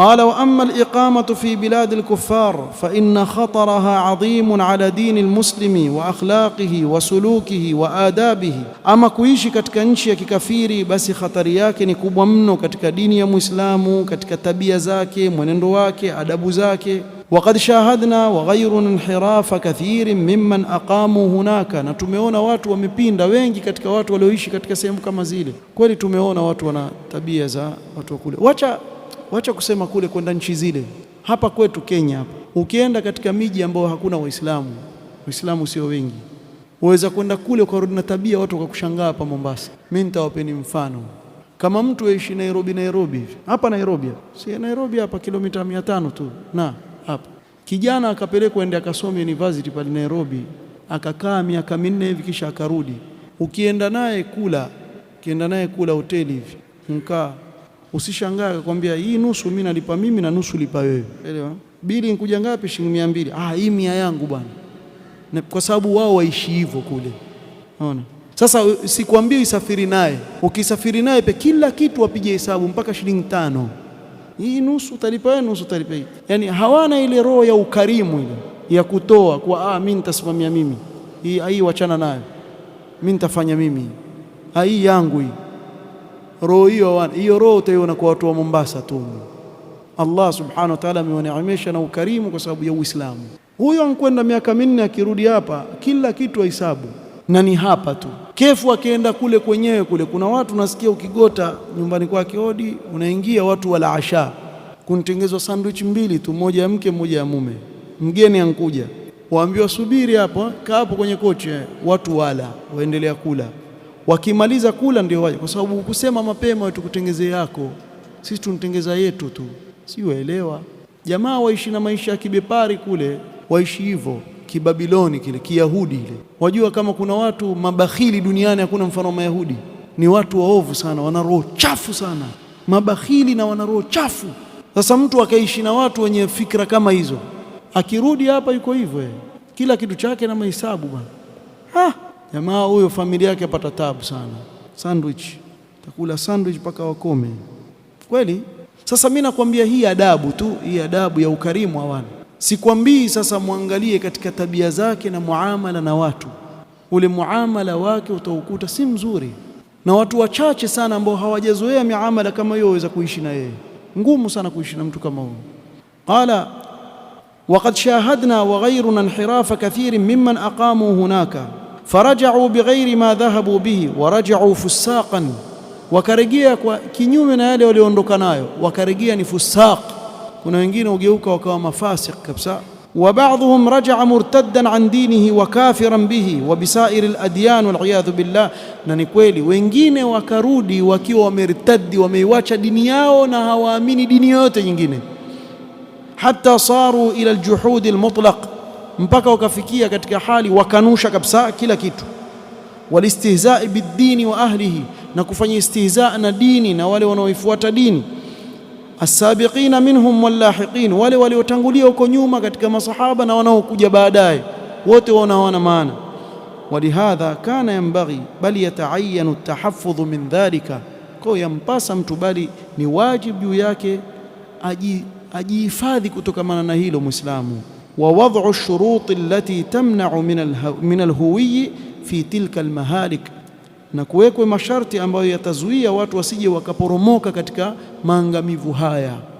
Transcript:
قال واما الاقامه في بلاد الكفار فان خطرها عظيم على دين المسلم واخلاقه وسلوكه waadabihi ama kuishi katika nchi ya kikafiri basi khatari yake ni kubwa mno katika dini ya muislamu katika tabia zake mwenendo wake adabu zake وقد شاهدنا وغيرنا انحراف كثير ممن aqamu hunaka na tumeona watu wamepinda wengi katika watu walioishi katika sehemu kama zile kweli tumeona watu wana tabia za watu wa kule wacha Wacha kusema kule kwenda nchi zile. Hapa kwetu Kenya hapa, ukienda katika miji ambayo hakuna Waislamu, Waislamu sio wengi, uweza kwenda kule ukarudi na tabia watu wakakushangaa. Hapa Mombasa, mimi nitawapeni mfano. Kama mtu aishi Nairobi, Nairobi hapa Nairobi, si Nairobi hapa kilomita mia tano tu na hapa, kijana akapelekwa ende akasome university pale Nairobi, akakaa miaka minne hivi, kisha akarudi. Ukienda naye kula, ukienda naye kula hoteli hivi mkaa Usishangaa akakwambia hii nusu mimi nalipa mimi na nusu lipa wewe, elewa. Bili nkuja ngapi? shilingi mia mbili. Ah, hii mia yangu bwana, na kwa sababu wao waishi hivyo kule, unaona. Sasa sikwambii isafiri naye, ukisafiri naye pe kila kitu wapige hesabu mpaka shilingi tano. Hii nusu utalipa wewe, nusu utalipa hii. Yani hawana ile roho ya ukarimu ile ya kutoa kwa, ah, mimi nitasimamia mimi hii, hii wachana nayo, mimi nitafanya mimi ah, hii yangu hii roho hiyo hawana. Hiyo roho utaiona kwa watu wa Mombasa tu. Allah subhanahu wa ta'ala amewaneemesha na ukarimu kwa sababu ya Uislamu. Huyo ankwenda miaka minne, akirudi hapa kila kitu ahesabu, na ni hapa tu. Kefu akienda kule kwenyewe kule, kuna watu unasikia ukigota nyumbani kwake hodi, unaingia watu wala asha, kunitengezwa sandwich mbili tu, moja ya mke, moja ya mume. Mgeni ankuja waambiwa, subiri hapa, kaa hapo kwenye koche, eh. watu wala waendelea kula wakimaliza kula ndio waje, kwa sababu hukusema mapema wetukutengeze yako, sisi tunatengeza yetu tu, si waelewa? Jamaa waishi na maisha ya kibepari kule, waishi hivyo kibabiloni kile kiyahudi ile. Wajua kama kuna watu mabakhili duniani hakuna mfano wa Mayahudi. Ni watu waovu sana, wana roho chafu sana, mabakhili na wana roho chafu. Sasa mtu akaishi na watu wenye fikra kama hizo, akirudi hapa yuko hivyo, eh. kila kitu chake na mahesabu bwana. Ah! Jamaa huyo familia yake apata tabu sana, sandwich takula sandwich mpaka wakome kweli. Sasa mimi nakwambia hii adabu tu, hii adabu ya ukarimu hawana. Sikwambii sasa muangalie katika tabia zake na muamala na watu, ule muamala wake utaukuta si mzuri, na watu wachache sana ambao hawajazoea miamala kama hiyo waweza kuishi na yeye. Ngumu sana kuishi na mtu kama huyo. Qala waqad shahadna wa ghayruna inhirafa kathirin mimman aqamu hunaka farajau bighairi ma dhahabu bihi warajau fusaqan, wakaregea kwa kinyume na yale walioondoka nayo, wakarejea ni fusaq. Kuna wengine ugeuka wakawa mafasiq kabisa. Wa baadhuhum rajaa murtaddan an dinihi wa kafiran bihi wa bisairi ladyan waliyadhu billah, na ni kweli wengine wakarudi wakiwa wamertaddi, wameiwacha dini yao na hawaamini dini yoyote nyingine, hata saru ila aljuhudi almutlaq mpaka wakafikia katika hali wakanusha kabisa kila kitu, walistihzai biddini wa ahlihi, na kufanya istihzaa na dini na wale wanaoifuata dini. Asabiqina minhum wallahiqin, wale waliotangulia huko nyuma katika masahaba na wanaokuja baadaye, wote wanaona maana. Walihadha kana yambaghi bali yataayanu tahafudhu min dhalika, kwa yampasa mtu, bali ni wajibu juu yake ajihifadhi kutokamana na hilo Mwislamu. ووضع الشروط التي تمنع من من الهوي fi tilka almahalik na kuwekwe masharti ambayo yatazuia watu wasije wakaporomoka katika maangamivu haya